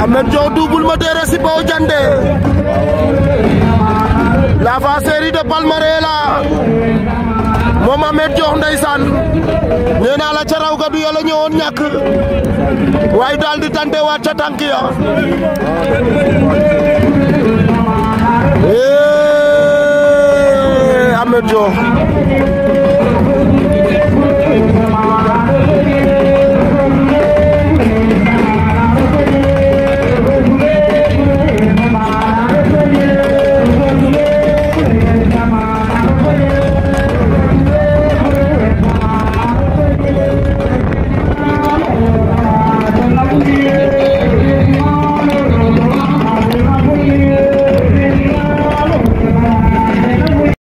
Amet Dio Double Moteur si Bo Diandé la fa série de moom Amet Dio ndeysaan nee naa la ca raw ga du yàlla ñëwoon ñàkk waaye daal di tante ca tànk ya eh, Amet Dio